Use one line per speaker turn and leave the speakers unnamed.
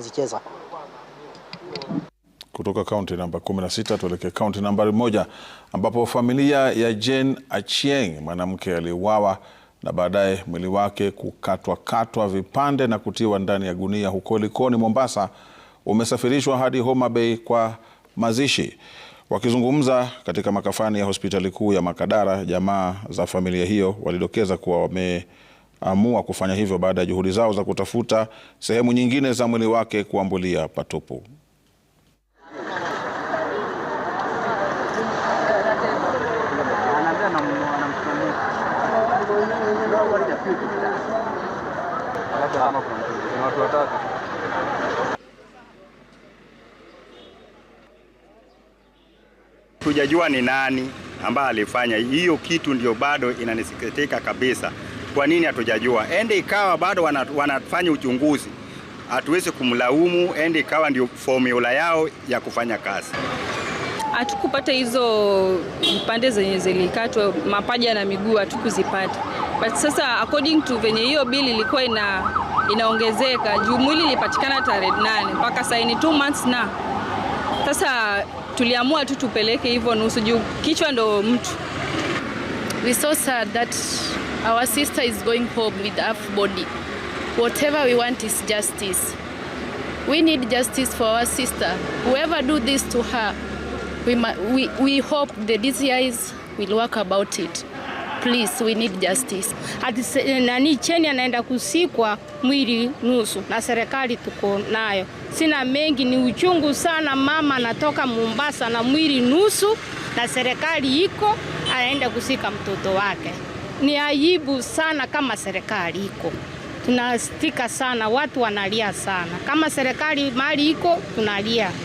zicheza kutoka kaunti namba 16 tuelekee kaunti nambari moja ambapo familia ya Jane Achieng, mwanamke aliuawa na baadaye mwili wake kukatwakatwa vipande na kutiwa ndani ya gunia huko Likoni, Mombasa, umesafirishwa hadi Homa Bay kwa mazishi. Wakizungumza katika makafani ya hospitali kuu ya Makadara, jamaa za familia hiyo walidokeza kuwa wame amua kufanya hivyo baada ya juhudi zao za kutafuta sehemu nyingine za mwili wake kuambulia patupu.
Tujajua ni nani ambaye alifanya hiyo kitu, ndio bado inanisikitika kabisa. Kwa nini hatujajua? Ende ikawa bado wanafanya uchunguzi, hatuwezi kumlaumu. Ende ikawa ndio formula yao ya kufanya kazi.
Hatukupata hizo pande zenye zilikatwa mapaja na miguu, hatukuzipata but sasa according to venye hiyo bili ilikuwa ina inaongezeka juu mwili ilipatikana tarehe nane mpaka saini two months na sasa tuliamua tu tupeleke hivyo nusu juu kichwa ndo mtu.
We so sad that Our sister is going home with half body. Whatever we want is justice. We need justice for our sister. Whoever do this to her, we, we, we hope the DCIs will work about it. Please, we need justice.
Ati nani Cheni anaenda kusikwa mwili nusu na serikali tuko nayo. Sina mengi, ni uchungu sana. Mama anatoka Mombasa na mwili nusu na serikali iko anaenda kusika mtoto wake ni aibu sana kama serikali iko tunastika sana, watu wanalia sana. Kama serikali mali iko tunalia.